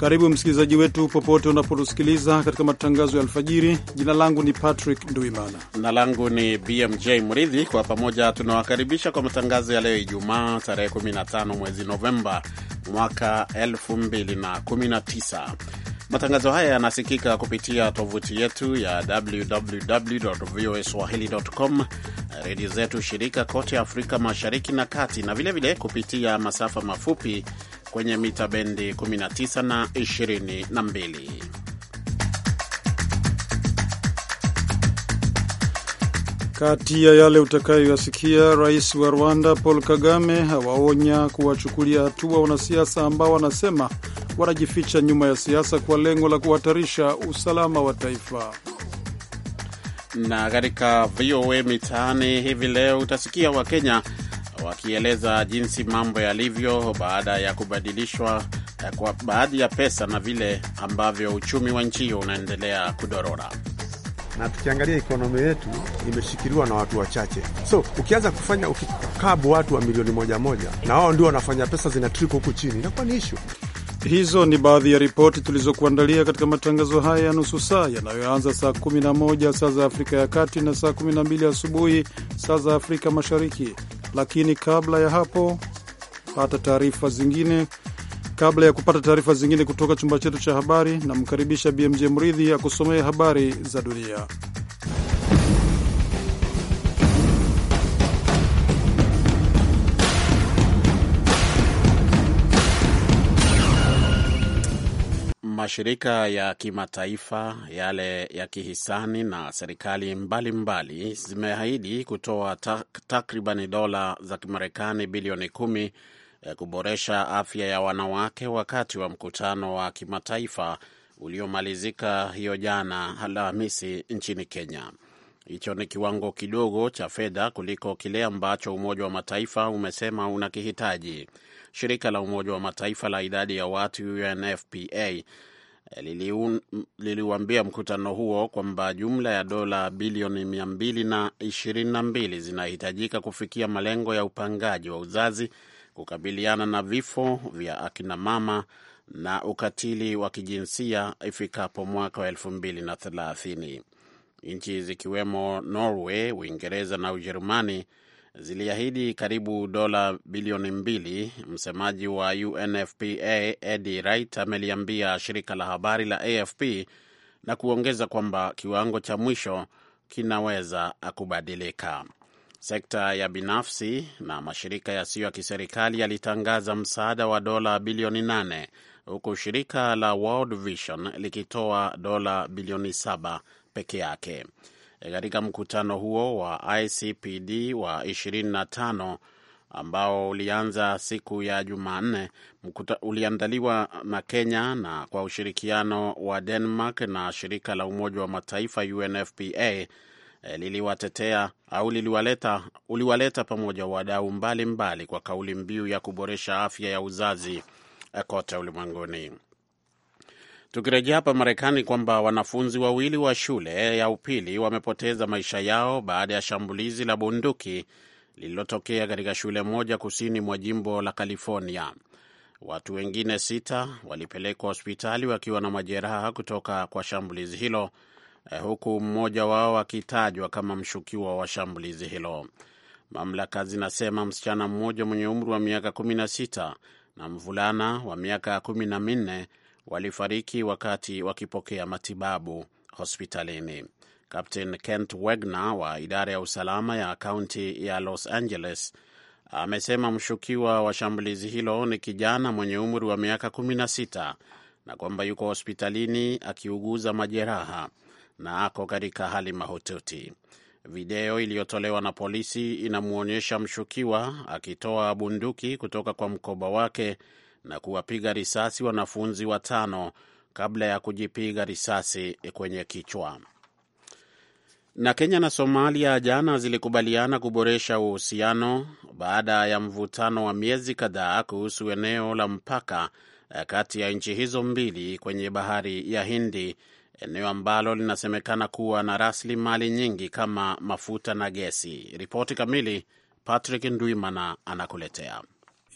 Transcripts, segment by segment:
Karibu msikilizaji wetu popote unapotusikiliza katika matangazo ya alfajiri. Jina langu ni Patrick Nduimana na langu ni BMJ Mridhi. Kwa pamoja tunawakaribisha kwa matangazo ya leo Ijumaa, tarehe 15 mwezi Novemba mwaka 2019. Matangazo haya yanasikika kupitia tovuti yetu ya www voa swahili.com, redio zetu shirika kote Afrika Mashariki na Kati, na vilevile vile kupitia masafa mafupi kwenye mita bendi 19 na 22. Kati ya yale utakayoyasikia, rais wa Rwanda Paul Kagame hawaonya kuwachukulia hatua wanasiasa ambao wanasema wanajificha nyuma ya siasa kwa lengo la kuhatarisha usalama wa taifa. Na katika VOA Mitaani hivi leo utasikia Wakenya wakieleza jinsi mambo yalivyo baada ya kubadilishwa eh, kwa baadhi ya pesa na vile ambavyo uchumi wa nchi hiyo unaendelea kudorora na tukiangalia ikonomi yetu imeshikiliwa na watu wachache, so ukianza kufanya ukikabu watu wa milioni moja moja na wao ndio wanafanya pesa triko huku chini, inakuwa ni ishu. Hizo ni baadhi ya ripoti tulizokuandalia katika matangazo haya ya nusu saa yanayoanza saa 11 saa za Afrika ya Kati na saa 12 asubuhi saa za Afrika Mashariki lakini kabla ya hapo pata taarifa zingine. Kabla ya kupata taarifa zingine kutoka chumba chetu cha habari, namkaribisha BMJ Mridhi akusomee habari za dunia. Mashirika ya kimataifa yale ya kihisani na serikali mbalimbali zimeahidi kutoa tak, takribani dola za Kimarekani bilioni kumi eh, kuboresha afya ya wanawake wakati wa mkutano wa kimataifa uliomalizika hiyo jana Alhamisi nchini Kenya. Hicho ni kiwango kidogo cha fedha kuliko kile ambacho Umoja wa Mataifa umesema unakihitaji. Shirika la Umoja wa Mataifa la idadi ya watu UNFPA liliuambia mkutano huo kwamba jumla ya dola bilioni 222 zinahitajika kufikia malengo ya upangaji wa uzazi, kukabiliana na vifo vya akinamama na ukatili wa kijinsia ifikapo mwaka wa 2030. Nchi zikiwemo Norway, Uingereza na Ujerumani ziliahidi karibu dola bilioni mbili. Msemaji wa UNFPA Eddie Wright ameliambia shirika la habari la AFP na kuongeza kwamba kiwango cha mwisho kinaweza kubadilika. Sekta ya binafsi na mashirika yasiyo ya kiserikali yalitangaza msaada wa dola bilioni nane huku shirika la World Vision likitoa dola bilioni saba peke yake. E, katika mkutano huo wa ICPD wa 25 ambao ulianza siku ya Jumanne uliandaliwa na Kenya na kwa ushirikiano wa Denmark na shirika la Umoja wa Mataifa UNFPA e, liliwatetea au liliwaleta uliwaleta pamoja wadau mbalimbali kwa kauli mbiu ya kuboresha afya ya uzazi e, kote ulimwenguni. Tukirejea hapa Marekani, kwamba wanafunzi wawili wa shule ya upili wamepoteza maisha yao baada ya shambulizi la bunduki lililotokea katika shule moja kusini mwa jimbo la California. Watu wengine sita walipelekwa hospitali wakiwa na majeraha kutoka kwa shambulizi hilo, eh, huku mmoja wao akitajwa kama mshukiwa wa shambulizi hilo. Mamlaka zinasema msichana mmoja mwenye umri wa miaka 16 na mvulana wa miaka kumi na minne walifariki wakati wakipokea matibabu hospitalini. Captain Kent Wegner wa idara ya usalama ya kaunti ya Los Angeles amesema mshukiwa wa shambulizi hilo ni kijana mwenye umri wa miaka 16 na kwamba yuko hospitalini akiuguza majeraha na ako katika hali mahututi. Video iliyotolewa na polisi inamwonyesha mshukiwa akitoa bunduki kutoka kwa mkoba wake na kuwapiga risasi wanafunzi watano kabla ya kujipiga risasi kwenye kichwa. Na Kenya na Somalia jana zilikubaliana kuboresha uhusiano baada ya mvutano wa miezi kadhaa kuhusu eneo la mpaka kati ya nchi hizo mbili kwenye bahari ya Hindi, eneo ambalo linasemekana kuwa na rasilimali nyingi kama mafuta na gesi. Ripoti kamili Patrick Ndwimana anakuletea.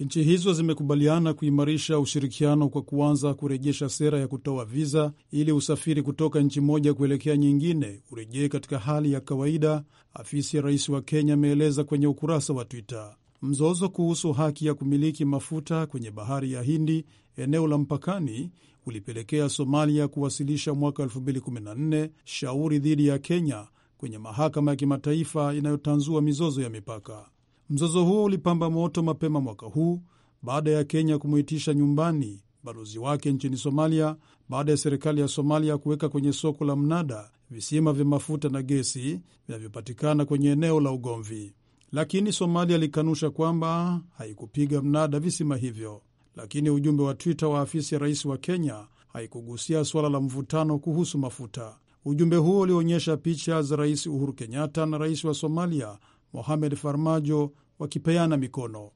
Nchi hizo zimekubaliana kuimarisha ushirikiano kwa kuanza kurejesha sera ya kutoa viza ili usafiri kutoka nchi moja kuelekea nyingine urejee katika hali ya kawaida, afisi ya rais wa Kenya ameeleza kwenye ukurasa wa Twitter. Mzozo kuhusu haki ya kumiliki mafuta kwenye bahari ya Hindi, eneo la mpakani, ulipelekea Somalia kuwasilisha mwaka 2014 shauri dhidi ya Kenya kwenye mahakama ya kimataifa inayotanzua mizozo ya mipaka. Mzozo huo ulipamba moto mapema mwaka huu baada ya Kenya kumwhitisha nyumbani balozi wake nchini Somalia baada ya serikali ya Somalia kuweka kwenye soko la mnada visima vya mafuta na gesi vinavyopatikana kwenye eneo la ugomvi, lakini Somalia ilikanusha kwamba haikupiga mnada visima hivyo. Lakini ujumbe wa Twitter wa afisi ya rais wa Kenya haikugusia suala la mvutano kuhusu mafuta. Ujumbe huo ulionyesha picha za Rais Uhuru Kenyatta na rais wa Somalia Mohamed Farmajo wakipeana mikono.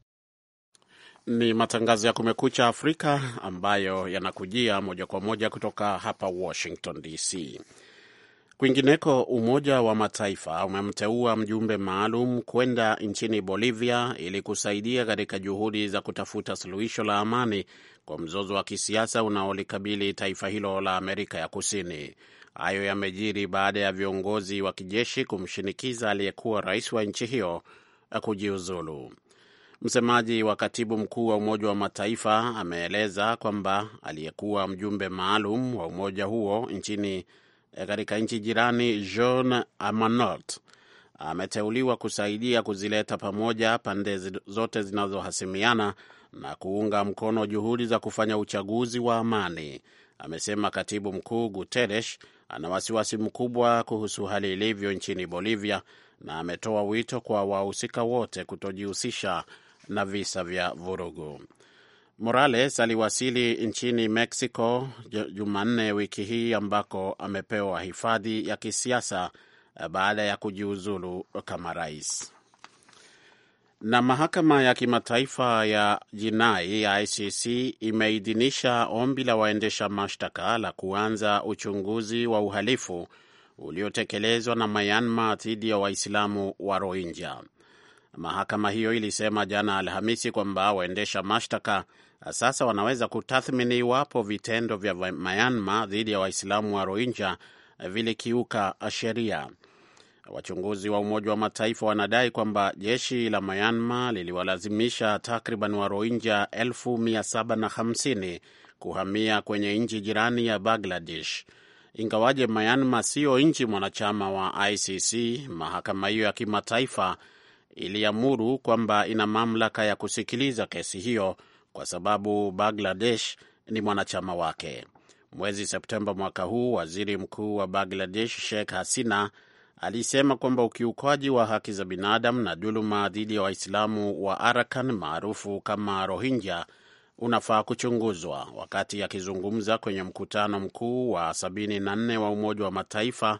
Ni matangazo ya Kumekucha Afrika ambayo yanakujia moja kwa moja kutoka hapa Washington DC. Kwingineko, Umoja wa Mataifa umemteua mjumbe maalum kwenda nchini Bolivia ili kusaidia katika juhudi za kutafuta suluhisho la amani kwa mzozo wa kisiasa unaolikabili taifa hilo la Amerika ya Kusini. Hayo yamejiri baada ya viongozi wa kijeshi kumshinikiza aliyekuwa rais wa nchi hiyo kujiuzulu. Msemaji wa katibu mkuu wa Umoja wa Mataifa ameeleza kwamba aliyekuwa mjumbe maalum wa umoja huo nchini eh, katika nchi jirani Jean Amanot ameteuliwa kusaidia kuzileta pamoja pande zote zinazohasimiana na kuunga mkono juhudi za kufanya uchaguzi wa amani. Amesema katibu mkuu Guterres ana wasiwasi mkubwa kuhusu hali ilivyo nchini Bolivia na ametoa wito kwa wahusika wote kutojihusisha na visa vya vurugu. Morales aliwasili nchini Mexico Jumanne wiki hii ambako amepewa hifadhi ya kisiasa eh, baada ya kujiuzulu kama rais. Na mahakama ya kimataifa ya jinai ya ICC imeidhinisha ombi la waendesha mashtaka la kuanza uchunguzi wa uhalifu uliotekelezwa na Myanmar dhidi ya Waislamu wa Rohingya. Mahakama hiyo ilisema jana Alhamisi kwamba waendesha mashtaka sasa wanaweza kutathmini iwapo vitendo vya Myanmar dhidi ya Waislamu wa Rohingya vilikiuka sheria. Wachunguzi wa Umoja wa Mataifa wanadai kwamba jeshi la Myanmar liliwalazimisha takriban Warohinja 1750 kuhamia kwenye nchi jirani ya Bangladesh. Ingawaje Myanmar siyo nchi mwanachama wa ICC, mahakama hiyo ya kimataifa iliamuru kwamba ina mamlaka ya kusikiliza kesi hiyo kwa sababu Bangladesh ni mwanachama wake. Mwezi Septemba mwaka huu, waziri mkuu wa Bangladesh Sheikh Hasina alisema kwamba ukiukaji wa haki za binadamu na dhuluma dhidi ya Waislamu wa Arakan maarufu kama Rohingya unafaa kuchunguzwa. Wakati akizungumza kwenye mkutano mkuu wa 74 wa Umoja wa Mataifa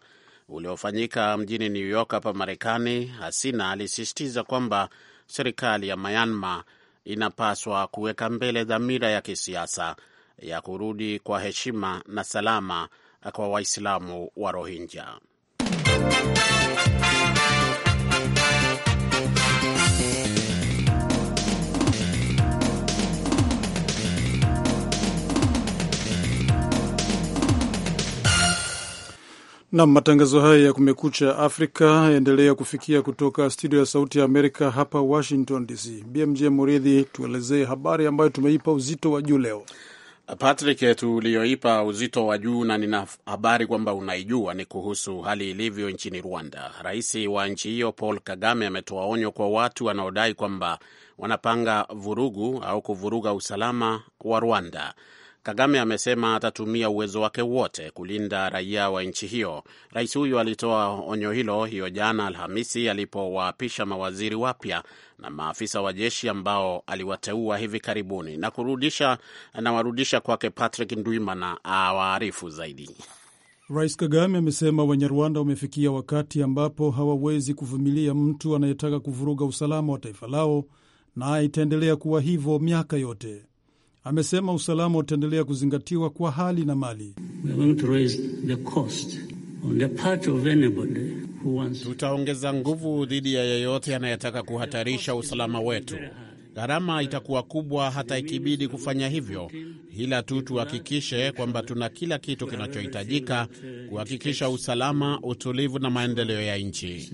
uliofanyika mjini New York hapa Marekani, Hasina alisisitiza kwamba serikali ya Myanmar inapaswa kuweka mbele dhamira ya kisiasa ya kurudi kwa heshima na salama kwa Waislamu wa Rohingya na matangazo haya ya Kumekucha Afrika yaendelea kufikia kutoka studio ya Sauti ya Amerika hapa Washington DC. BMJ Muridhi, tuelezee habari ambayo tumeipa uzito wa juu leo. Patrick, tuliyoipa uzito wa juu na nina habari kwamba unaijua ni kuhusu hali ilivyo nchini Rwanda. Rais wa nchi hiyo Paul Kagame ametoa onyo kwa watu wanaodai kwamba wanapanga vurugu au kuvuruga usalama wa Rwanda. Kagame amesema atatumia uwezo wake wote kulinda raia wa nchi hiyo. Rais huyu alitoa onyo hilo hiyo jana Alhamisi alipowaapisha mawaziri wapya na maafisa wa jeshi ambao aliwateua hivi karibuni, na kurudisha nawarudisha kwake Patrick Ndwimana awaarifu zaidi. Rais Kagame amesema Wanyarwanda wamefikia wakati ambapo hawawezi kuvumilia mtu anayetaka kuvuruga usalama wa taifa lao, na itaendelea kuwa hivyo miaka yote amesema usalama utaendelea kuzingatiwa kwa hali na mali. Tutaongeza nguvu dhidi ya yeyote anayetaka kuhatarisha usalama wetu. Gharama itakuwa kubwa hata ikibidi kufanya hivyo, ila tu tuhakikishe kwamba tuna kila kitu kinachohitajika kuhakikisha usalama, utulivu na maendeleo ya nchi.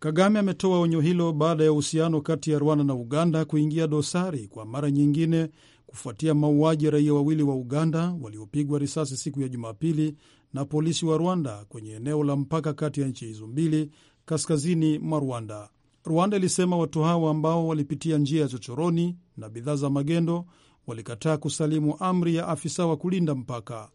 Kagame ametoa onyo hilo baada ya uhusiano kati ya Rwanda na Uganda kuingia dosari kwa mara nyingine kufuatia mauaji ya raia wawili wa Uganda waliopigwa risasi siku ya Jumapili na polisi wa Rwanda kwenye eneo la mpaka kati ya nchi hizo mbili kaskazini mwa Rwanda. Rwanda ilisema watu hawa ambao walipitia njia ya chochoroni na bidhaa za magendo walikataa kusalimu amri ya afisa wa kulinda mpaka,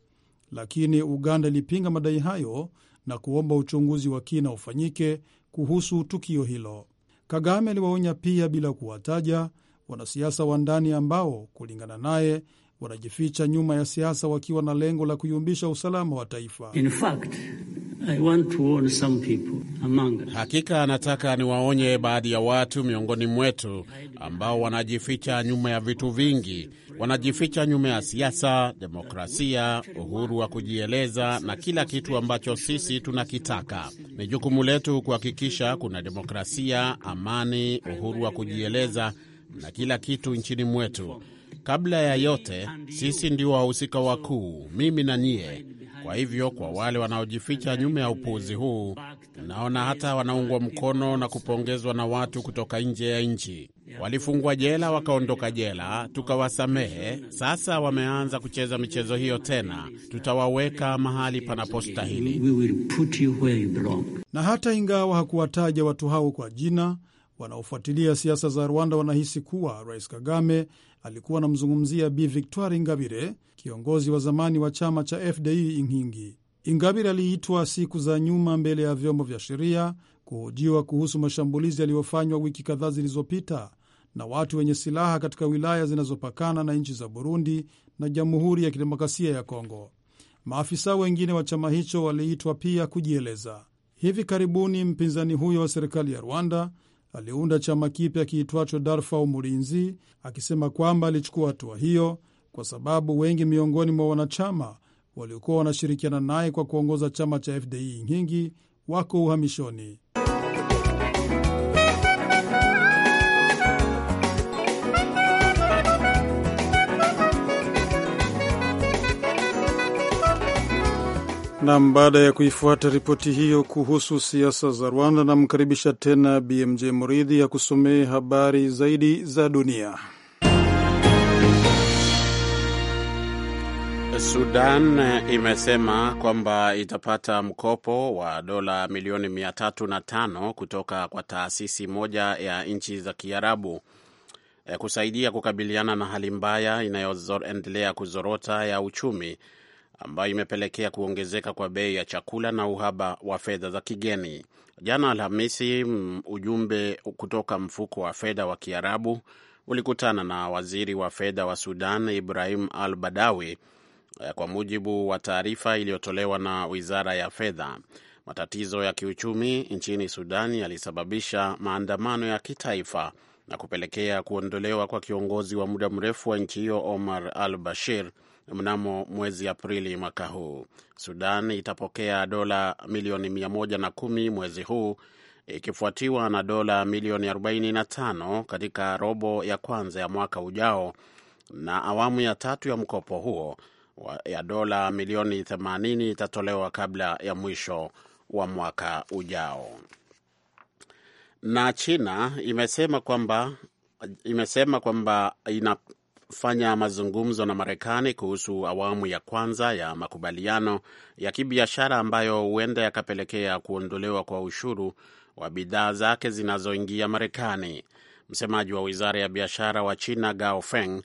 lakini Uganda ilipinga madai hayo na kuomba uchunguzi wa kina ufanyike kuhusu tukio hilo. Kagame aliwaonya pia, bila kuwataja wanasiasa wa ndani ambao kulingana naye wanajificha nyuma ya siasa wakiwa na lengo la kuyumbisha usalama wa taifa. In fact, I want to warn some people among us. Hakika anataka niwaonye baadhi ya watu miongoni mwetu ambao wanajificha nyuma ya vitu vingi, wanajificha nyuma ya siasa, demokrasia, uhuru wa kujieleza na kila kitu ambacho sisi tunakitaka. Ni jukumu letu kuhakikisha kuna demokrasia, amani, uhuru wa kujieleza na kila kitu nchini mwetu. Kabla ya yote, sisi ndio wahusika wakuu, mimi na nyie. Kwa hivyo kwa wale wanaojificha nyuma ya upuuzi huu, naona hata wanaungwa mkono na kupongezwa na watu kutoka nje ya nchi. Walifungwa jela wakaondoka jela, tukawasamehe. Sasa wameanza kucheza michezo hiyo tena, tutawaweka mahali panapostahili. Na hata ingawa hakuwataja watu hao kwa jina, wanaofuatilia siasa za Rwanda wanahisi kuwa Rais Kagame alikuwa anamzungumzia Bi Victoire Ingabire kiongozi wa zamani wa chama cha FDI Inkingi. Ingabire aliitwa siku za nyuma mbele ya vyombo vya sheria kuhojiwa kuhusu mashambulizi yaliyofanywa wiki kadhaa zilizopita na watu wenye silaha katika wilaya zinazopakana na nchi za Burundi na Jamhuri ya Kidemokrasia ya Kongo. Maafisa wengine wa chama hicho waliitwa pia kujieleza. Hivi karibuni mpinzani huyo wa serikali ya Rwanda aliunda chama kipya kiitwacho Darfau Murinzi akisema kwamba alichukua hatua hiyo kwa sababu wengi miongoni mwa wanachama waliokuwa wanashirikiana naye kwa kuongoza chama cha FDI nyingi wako uhamishoni. Nam, baada ya kuifuata ripoti hiyo kuhusu siasa za Rwanda, namkaribisha tena BMJ Muridhi ya kusomea habari zaidi za dunia. Sudan imesema kwamba itapata mkopo wa dola milioni 305 kutoka kwa taasisi moja ya nchi za Kiarabu eh, kusaidia kukabiliana na hali mbaya inayoendelea kuzorota ya uchumi ambayo imepelekea kuongezeka kwa bei ya chakula na uhaba wa fedha za kigeni. Jana Alhamisi, ujumbe kutoka mfuko wa fedha wa Kiarabu ulikutana na waziri wa fedha wa Sudan Ibrahim Al Badawi Eh, kwa mujibu wa taarifa iliyotolewa na wizara ya fedha. Matatizo ya kiuchumi nchini Sudan yalisababisha maandamano ya kitaifa na kupelekea kuondolewa kwa kiongozi wa muda mrefu wa nchi hiyo Omar al Bashir mnamo mwezi Aprili mwaka huu. Sudan itapokea dola milioni 110 mwezi huu ikifuatiwa na dola milioni 45 katika robo ya kwanza ya mwaka ujao na awamu ya tatu ya mkopo huo ya dola milioni 80 itatolewa kabla ya mwisho wa mwaka ujao. Na China imesema kwamba imesema kwamba inafanya mazungumzo na Marekani kuhusu awamu ya kwanza ya makubaliano ya kibiashara ambayo huenda yakapelekea kuondolewa kwa ushuru wa bidhaa zake zinazoingia Marekani. Msemaji wa wizara ya biashara wa China Gao Feng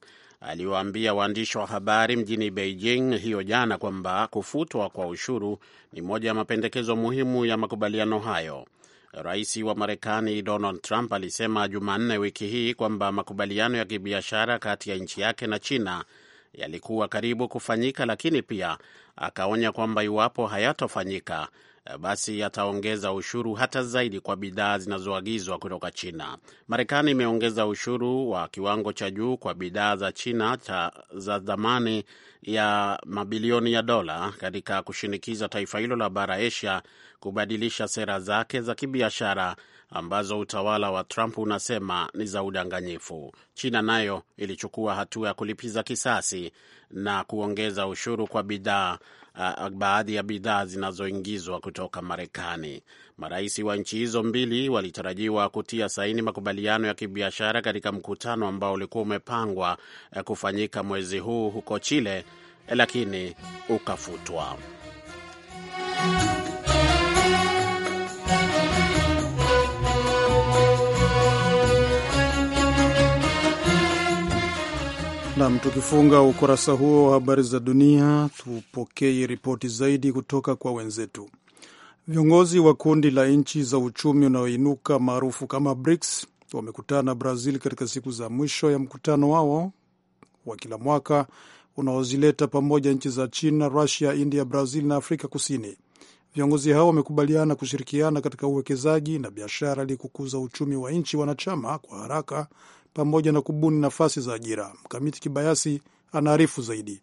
aliwaambia waandishi wa habari mjini Beijing hiyo jana kwamba kufutwa kwa ushuru ni moja ya mapendekezo muhimu ya makubaliano hayo. Rais wa Marekani Donald Trump alisema Jumanne wiki hii kwamba makubaliano ya kibiashara kati ya nchi yake na China yalikuwa karibu kufanyika, lakini pia akaonya kwamba iwapo hayatofanyika Eh, basi ataongeza ushuru hata zaidi kwa bidhaa zinazoagizwa kutoka China. Marekani imeongeza ushuru wa kiwango cha juu kwa bidhaa za China cha, za thamani ya mabilioni ya dola katika kushinikiza taifa hilo la bara Asia kubadilisha sera zake za kibiashara ambazo utawala wa Trump unasema ni za udanganyifu. China nayo ilichukua hatua ya kulipiza kisasi na kuongeza ushuru kwa bidhaa uh, baadhi ya bidhaa zinazoingizwa kutoka Marekani. Marais wa nchi hizo mbili walitarajiwa kutia saini makubaliano ya kibiashara katika mkutano ambao ulikuwa umepangwa uh, kufanyika mwezi huu huko Chile, lakini ukafutwa. Nam, tukifunga ukurasa huo wa habari za dunia, tupokee ripoti zaidi kutoka kwa wenzetu. Viongozi wa kundi la nchi za uchumi unaoinuka maarufu kama BRICS wamekutana Brazil katika siku za mwisho ya mkutano wao wa kila mwaka unaozileta pamoja nchi za China, Rusia, India, Brazil na Afrika Kusini. Viongozi hao wamekubaliana kushirikiana katika uwekezaji na biashara ili kukuza uchumi wa nchi wanachama kwa haraka pamoja na kubuni nafasi za ajira. Mkamiti Kibayasi anaarifu zaidi.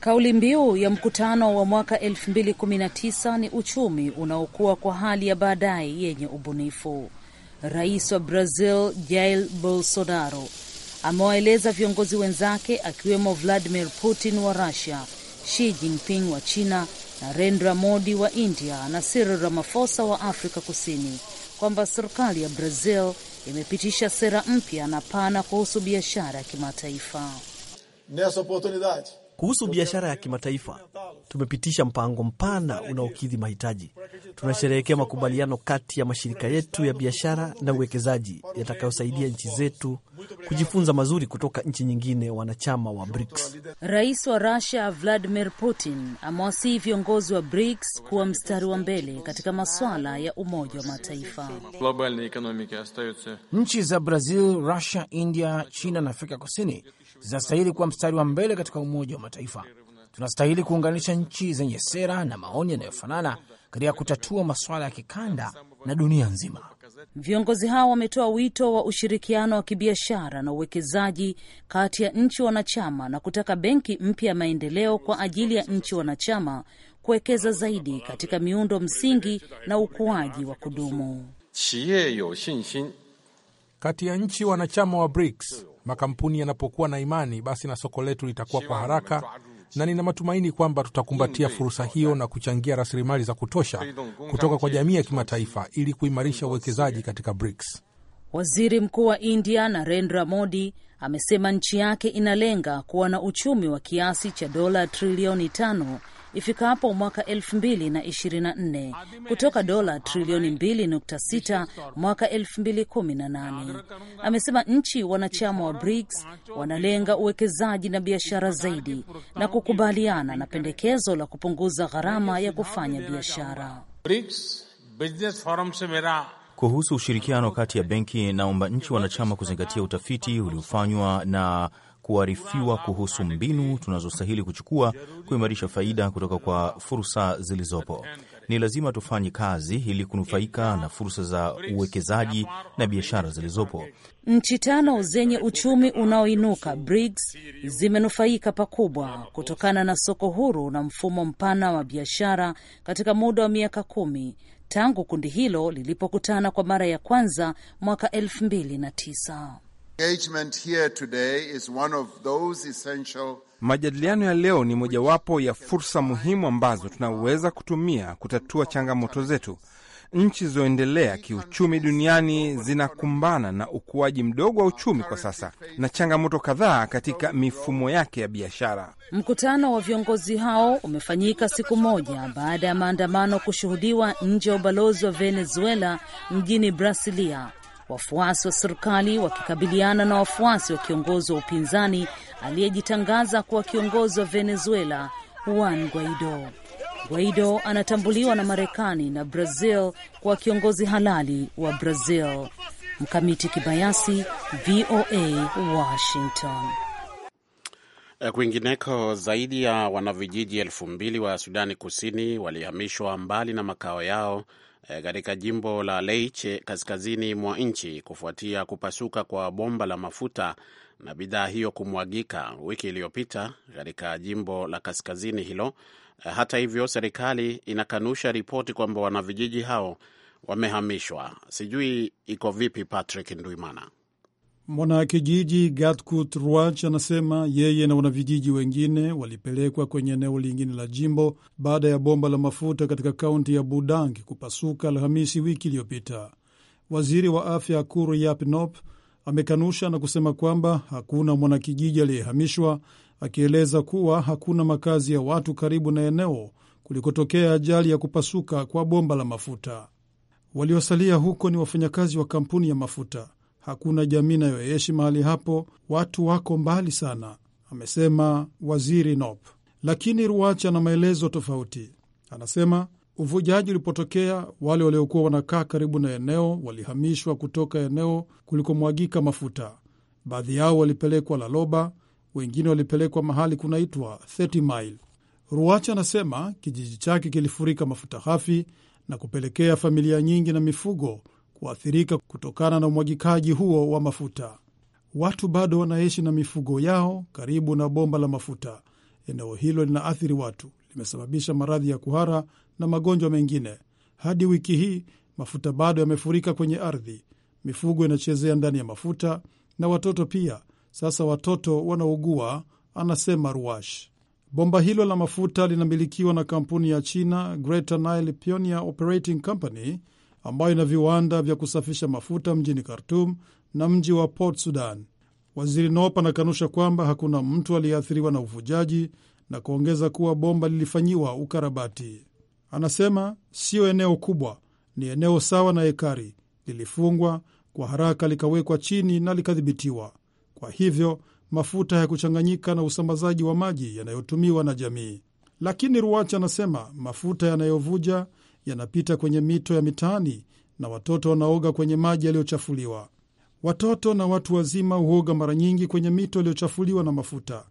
Kauli mbiu ya mkutano wa mwaka 2019 ni uchumi unaokuwa kwa hali ya baadaye yenye ubunifu. Rais wa Brazil Jair Bolsonaro amewaeleza viongozi wenzake akiwemo Vladimir Putin wa Russia, Xi Jinping wa China, Narendra Modi wa India na Cyril Ramaphosa wa Afrika Kusini kwamba serikali ya Brazil imepitisha sera mpya na pana kuhusu biashara ya kimataifa nessa oportunidade kuhusu biashara ya kimataifa, tumepitisha mpango mpana unaokidhi mahitaji. Tunasherehekea makubaliano kati ya mashirika yetu ya biashara na uwekezaji yatakayosaidia nchi zetu kujifunza mazuri kutoka nchi nyingine wanachama wa BRICS. Rais wa rusia Vladimir Putin amewasihi viongozi wa BRICS kuwa mstari wa mbele katika masuala ya Umoja wa Mataifa. Nchi za Brazil, Rusia, India, China na Afrika Kusini zinastahili kuwa mstari wa mbele katika Umoja wa Mataifa. Tunastahili kuunganisha nchi zenye sera na maoni yanayofanana katika kutatua masuala ya kikanda na dunia nzima. Viongozi hao wametoa wito wa ushirikiano wa kibiashara na uwekezaji kati ya nchi wanachama na kutaka benki mpya ya maendeleo kwa ajili ya nchi wanachama kuwekeza zaidi katika miundo msingi na ukuaji wa kudumu. Kati ya nchi wanachama wa BRICS Makampuni yanapokuwa na imani, basi na soko letu litakuwa kwa haraka, na nina matumaini kwamba tutakumbatia fursa hiyo na kuchangia rasilimali za kutosha kutoka kwa jamii ya kimataifa ili kuimarisha uwekezaji katika BRICS. Waziri Mkuu wa India Narendra Modi amesema nchi yake inalenga kuwa na uchumi wa kiasi cha dola trilioni tano ifikapo mwaka 2024 kutoka dola trilioni 2.6 mwaka 2018. Amesema nchi wanachama wa BRICS wanalenga uwekezaji na biashara zaidi na kukubaliana na pendekezo la kupunguza gharama ya kufanya biashara. Kuhusu ushirikiano kati ya benki, naomba nchi wanachama kuzingatia utafiti uliofanywa na kuarifiwa kuhusu mbinu tunazostahili kuchukua kuimarisha faida kutoka kwa fursa zilizopo. Ni lazima tufanye kazi ili kunufaika na fursa za uwekezaji na biashara zilizopo. Nchi tano zenye uchumi unaoinuka BRICS zimenufaika pakubwa kutokana na soko huru na mfumo mpana wa biashara katika muda wa miaka kumi tangu kundi hilo lilipokutana kwa mara ya kwanza mwaka elfu mbili na tisa. Majadiliano ya leo ni mojawapo ya fursa muhimu ambazo tunaweza kutumia kutatua changamoto zetu. Nchi zilizoendelea kiuchumi duniani zinakumbana na ukuaji mdogo wa uchumi kwa sasa na changamoto kadhaa katika mifumo yake ya biashara. Mkutano wa viongozi hao umefanyika siku moja baada ya maandamano kushuhudiwa nje ya ubalozi wa Venezuela mjini Brasilia wafuasi wa serikali wakikabiliana na wafuasi wa kiongozi wa upinzani aliyejitangaza kuwa kiongozi wa Venezuela, Juan Guaido. Guaido anatambuliwa na Marekani na Brazil kuwa kiongozi halali wa Brazil. Mkamiti Kibayasi, VOA, Washington. Eh, kwingineko, zaidi ya wanavijiji elfu mbili wa Sudani Kusini walihamishwa mbali na makao yao Eh, katika jimbo la Leyche eh, kaskazini mwa nchi kufuatia kupasuka kwa bomba la mafuta na bidhaa hiyo kumwagika wiki iliyopita katika jimbo la kaskazini hilo. Eh, hata hivyo, serikali inakanusha ripoti kwamba wanavijiji hao wamehamishwa. Sijui iko vipi, Patrick Ndwimana. Mwanakijiji Gatkut ruach anasema yeye na wanavijiji wengine walipelekwa kwenye eneo lingine la jimbo baada ya bomba la mafuta katika kaunti ya Budang kupasuka Alhamisi wiki iliyopita. Waziri wa afya Kuru Yapnop amekanusha na kusema kwamba hakuna mwanakijiji aliyehamishwa, akieleza kuwa hakuna makazi ya watu karibu na eneo kulikotokea ajali ya kupasuka kwa bomba la mafuta. Waliosalia huko ni wafanyakazi wa kampuni ya mafuta hakuna jamii inayoeshi mahali hapo, watu wako mbali sana, amesema waziri Nop. Lakini Ruacha na maelezo tofauti. Anasema uvujaji ulipotokea, wale waliokuwa wanakaa karibu na eneo walihamishwa kutoka eneo kulikomwagika mafuta. Baadhi yao walipelekwa Laloba, wengine walipelekwa mahali kunaitwa 30 Mile. Ruacha anasema kijiji chake kilifurika mafuta hafi na kupelekea familia nyingi na mifugo waathirika kutokana na umwagikaji huo wa mafuta. Watu bado wanaishi na mifugo yao karibu na bomba la mafuta. Eneo hilo linaathiri watu, limesababisha maradhi ya kuhara na magonjwa mengine. Hadi wiki hii mafuta bado yamefurika kwenye ardhi, mifugo inachezea ndani ya mafuta na watoto pia. Sasa watoto wanaugua, anasema Ruash. Bomba hilo la mafuta linamilikiwa na kampuni ya China Greater Nile Pioneer Operating Company ambayo ina viwanda vya kusafisha mafuta mjini Khartum na mji wa Port Sudan. Waziri nop anakanusha kwamba hakuna mtu aliyeathiriwa na uvujaji na kuongeza kuwa bomba lilifanyiwa ukarabati. Anasema siyo eneo kubwa, ni eneo sawa na ekari, lilifungwa kwa haraka, likawekwa chini na likadhibitiwa. Kwa hivyo mafuta hayakuchanganyika na usambazaji wa maji yanayotumiwa na jamii. Lakini ruach anasema mafuta yanayovuja yanapita kwenye mito ya mitaani na watoto wanaoga kwenye maji yaliyochafuliwa. Watoto na watu wazima huoga mara nyingi kwenye mito iliyochafuliwa na mafuta.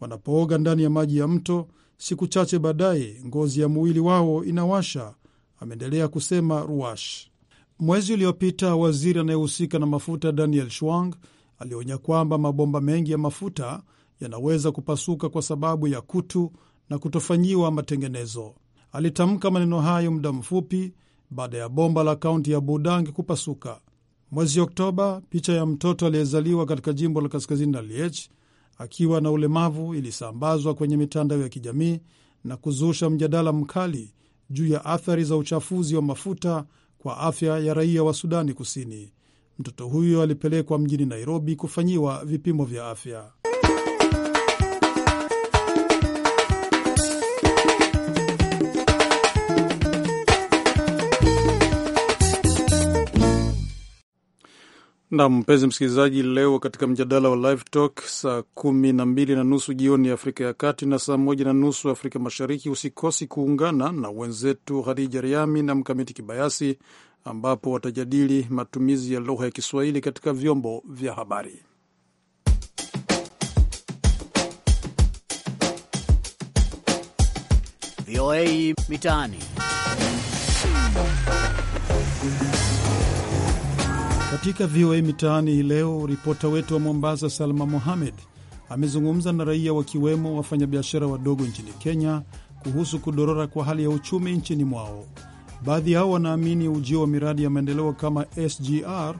Wanapooga ndani ya maji ya mto, siku chache baadaye ngozi ya mwili wao inawasha, ameendelea kusema Ruash. Mwezi uliopita waziri anayehusika na mafuta Daniel Schwang alionya kwamba mabomba mengi ya mafuta yanaweza kupasuka kwa sababu ya kutu na kutofanyiwa matengenezo. Alitamka maneno hayo muda mfupi baada ya bomba la kaunti ya Budang kupasuka mwezi Oktoba. Picha ya mtoto aliyezaliwa katika jimbo la kaskazini la Liech akiwa na ulemavu ilisambazwa kwenye mitandao ya kijamii na kuzusha mjadala mkali juu ya athari za uchafuzi wa mafuta kwa afya ya raia wa Sudani Kusini. Mtoto huyo alipelekwa mjini Nairobi kufanyiwa vipimo vya afya. Na mpenzi msikilizaji, leo katika mjadala wa Live Talk saa kumi na mbili na nusu jioni ya Afrika ya Kati na saa moja na nusu Afrika Mashariki, usikosi kuungana na wenzetu hadija Riami na Mkamiti Kibayasi ambapo watajadili matumizi ya lugha ya Kiswahili katika vyombo vya habari. VOA Mitaani. Katika VOA Mitaani hii leo, ripota wetu wa Mombasa, Salma Mohamed, amezungumza na raia wakiwemo wafanyabiashara wadogo nchini Kenya kuhusu kudorora kwa hali ya uchumi nchini mwao. Baadhi yao wanaamini ujio wa miradi ya maendeleo kama SGR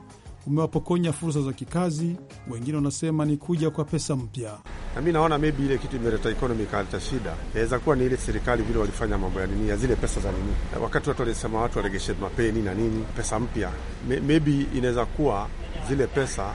umewapokonya fursa za kikazi, wengine wanasema ni kuja kwa pesa mpya. Na mi naona maybe ile kitu imeleta ekonomi ikaleta shida, yaweza kuwa ni ile serikali vile walifanya mambo ya nini ya zile pesa za nini, wakati watu walisema watu waregeshe mapeni na nini, pesa mpya, maybe inaweza kuwa zile pesa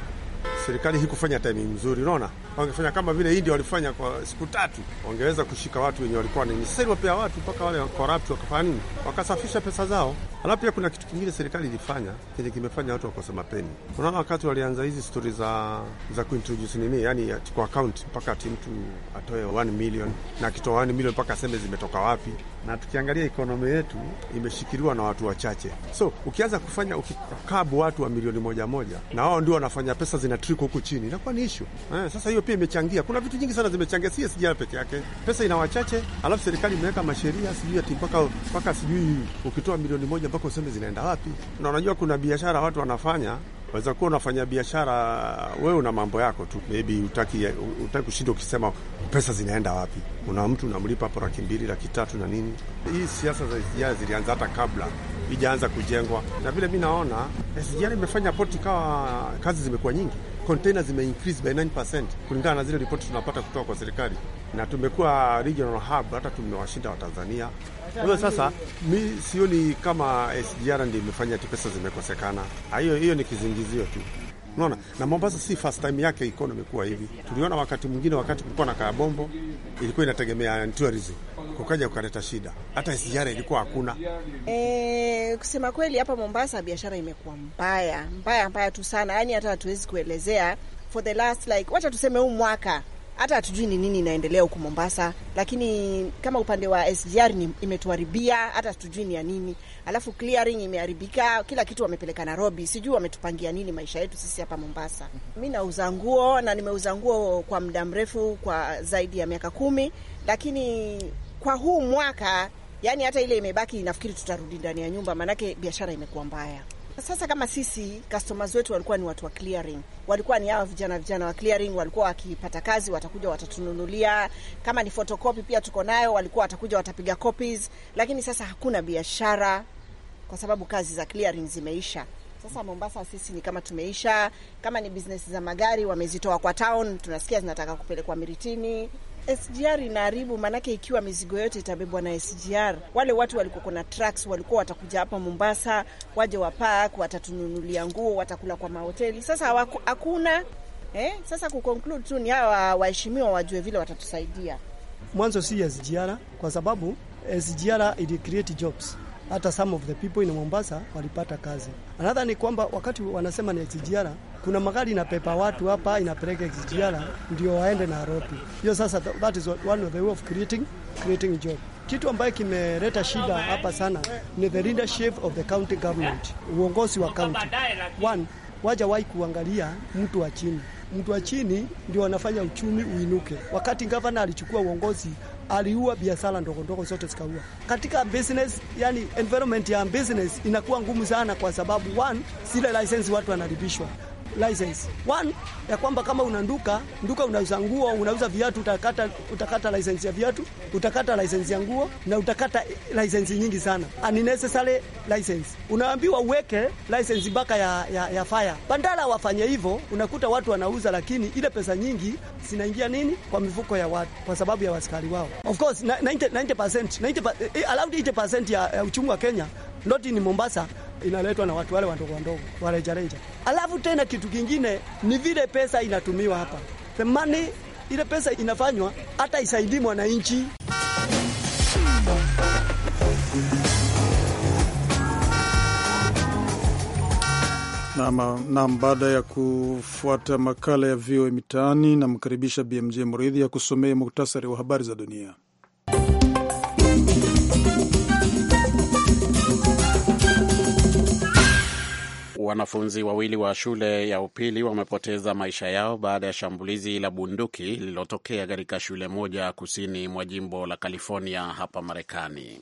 serikali hii kufanya timing mzuri. Unaona, wangefanya kama vile India walifanya kwa siku tatu, wangeweza kushika watu wenye walikuwa nini, sasa wapea watu mpaka wale corrupt wakafanya nini, wakasafisha pesa zao. Alafu pia kuna kitu kingine serikali ilifanya kenye kimefanya watu wakose mapeni. Unaona, wakati walianza hizi stori za za kuintroduce nini, yani kwa account mpaka ati mtu atoe 1 million na akitoa 1 million mpaka aseme zimetoka wapi, na tukiangalia ekonomi yetu imeshikiliwa na watu wachache, so ukianza kufanya ukikabu watu wa milioni moja moja na wao ndio wanafanya pesa zina kuliko huku chini, inakuwa ni ishu eh. Sasa hiyo pia imechangia, kuna vitu nyingi sana zimechangia, si SGR peke yake. Pesa ina wachache, alafu serikali imeweka masheria sijui ati mpaka mpaka sijui ukitoa milioni moja mpaka useme zinaenda wapi, na unajua kuna biashara watu wanafanya waweza kuwa unafanya biashara wewe, una mambo yako tu, maybe utaki utaki kushinda ukisema pesa zinaenda wapi kuna mtu unamlipa hapo laki mbili laki tatu na nini. Hii siasa za SGR zilianza hata kabla ijaanza kujengwa, na vile mi naona SGR imefanya poti kawa kazi zimekuwa nyingi, kontena zime increase by 9% kulingana na zile ripoti tunapata kutoka kwa serikali, na tumekuwa regional hub, hata tumewashinda Watanzania. Kwa hiyo sasa mi sioni kama SGR ndi imefanya ti pesa zimekosekana. Hiyo hiyo ni kizingizio tu. Unaona, na Mombasa si first time yake ikono imekuwa hivi. Tuliona wakati mwingine, wakati kulikuwa na kabombo, ilikuwa inategemea tourism, kukaja kukaleta shida, hata SGR ilikuwa hakuna. E, kusema kweli hapa Mombasa biashara imekuwa mbaya mbaya mbaya tu sana, yaani hata hatuwezi kuelezea for the last like, wacha tuseme huu mwaka hata hatujui ni nini inaendelea huku Mombasa, lakini kama upande wa SGR ni imetuharibia, hata hatujui ni ya nini. Alafu clearing imeharibika, kila kitu wamepeleka Nairobi, sijui wametupangia nini maisha yetu sisi hapa Mombasa. Mi nauza nguo na nimeuza nguo kwa muda mrefu, kwa zaidi ya miaka kumi, lakini kwa huu mwaka, yani hata ile imebaki, nafikiri tutarudi ndani ya nyumba, maanake biashara imekuwa mbaya. Sasa kama sisi customers wetu walikuwa ni watu wa clearing, walikuwa ni hawa vijana vijana wa clearing, walikuwa wakipata kazi watakuja watatununulia. Kama ni photocopy pia tuko nayo, walikuwa watakuja watapiga copies, lakini sasa hakuna biashara kwa sababu kazi za clearing zimeisha. Sasa Mombasa sisi ni kama tumeisha. Kama ni business za magari wamezitoa kwa town, tunasikia zinataka kupelekwa Miritini. SGR inaharibu, maanake ikiwa mizigo yote itabebwa na SGR, wale watu walikuwa na trucks walikuwa watakuja hapa Mombasa, waje wapak, watatununulia nguo, watakula kwa mahoteli. Sasa hakuna eh. Sasa kuconclude tu ni hawa waheshimiwa wajue vile watatusaidia. Mwanzo si SGR kwa sababu SGR ili create jobs hata some of the people in Mombasa walipata kazi. Another ni kwamba wakati wanasema ni SGR, kuna magari inapepa watu hapa inapeleka SGR ndio waende na Nairobi. Hiyo sasa, that is one of the way of creating creating job. Kitu ambayo kimeleta shida hapa sana ni the leadership of the county government, uongozi wa county. One, waja wajawahi kuangalia mtu wa chini mtu wa chini ndio wanafanya uchumi uinuke. Wakati gavana alichukua uongozi aliua biashara ndogo ndogo zote zikaua katika business. Yani environment ya business inakuwa ngumu sana, kwa sababu one, zile license watu wanaribishwa license. One ya kwamba kama una nduka, nduka unauza nguo, unauza viatu, utakata utakata license ya viatu, utakata license ya nguo na utakata license nyingi sana. Unnecessary license. Unaambiwa uweke license mpaka ya, ya, ya fire. Bandala wafanye hivyo, unakuta watu wanauza lakini ile pesa nyingi zinaingia nini? Kwa mifuko ya watu kwa sababu ya wasikari wao. Of course 90 90%, 90 allowed 80% ya, ya uchumi wa Kenya. Not in Mombasa inaletwa na watu wale wandogo wandogo wa rejareja. Alafu tena kitu kingine ni vile pesa inatumiwa hapa, the money, ile pesa inafanywa hata isaidii mwananchi. Nam, nam. Baada ya kufuata makala ya VOA Mitaani, namkaribisha BMJ Mridhi ya kusomea muktasari wa habari za dunia. Wanafunzi wawili wa shule ya upili wamepoteza maisha yao baada ya shambulizi la bunduki lililotokea katika shule moja kusini mwa jimbo la California hapa Marekani.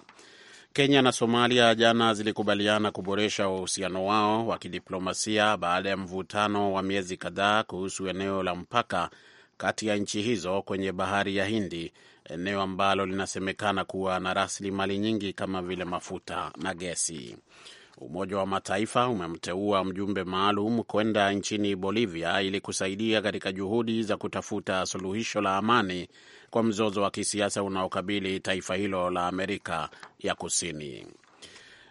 Kenya na Somalia jana zilikubaliana kuboresha uhusiano wao wa kidiplomasia baada ya mvutano wa miezi kadhaa kuhusu eneo la mpaka kati ya nchi hizo kwenye bahari ya Hindi, eneo ambalo linasemekana kuwa na rasilimali nyingi kama vile mafuta na gesi. Umoja wa Mataifa umemteua mjumbe maalum kwenda nchini Bolivia ili kusaidia katika juhudi za kutafuta suluhisho la amani kwa mzozo wa kisiasa unaokabili taifa hilo la Amerika ya Kusini.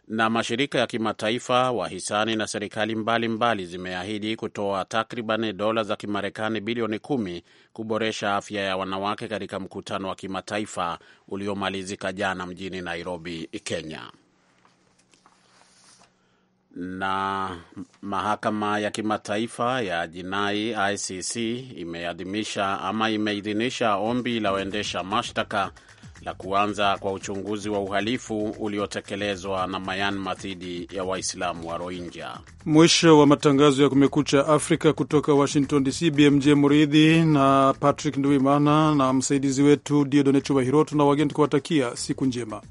Na mashirika ya kimataifa, wahisani na serikali mbalimbali zimeahidi kutoa takriban dola za Kimarekani bilioni kumi kuboresha afya ya wanawake katika mkutano wa kimataifa uliomalizika jana mjini Nairobi, Kenya. Na mahakama ya kimataifa ya jinai ICC imeadhimisha ama imeidhinisha ombi la waendesha mashtaka la kuanza kwa uchunguzi wa uhalifu uliotekelezwa na Myanmar dhidi ya Waislamu wa Rohingya. Mwisho wa matangazo ya Kumekucha Afrika kutoka Washington DC. BMJ Muridhi na Patrick Nduimana na msaidizi wetu Diodone Chubahiro tuna wageni kuwatakia siku njema.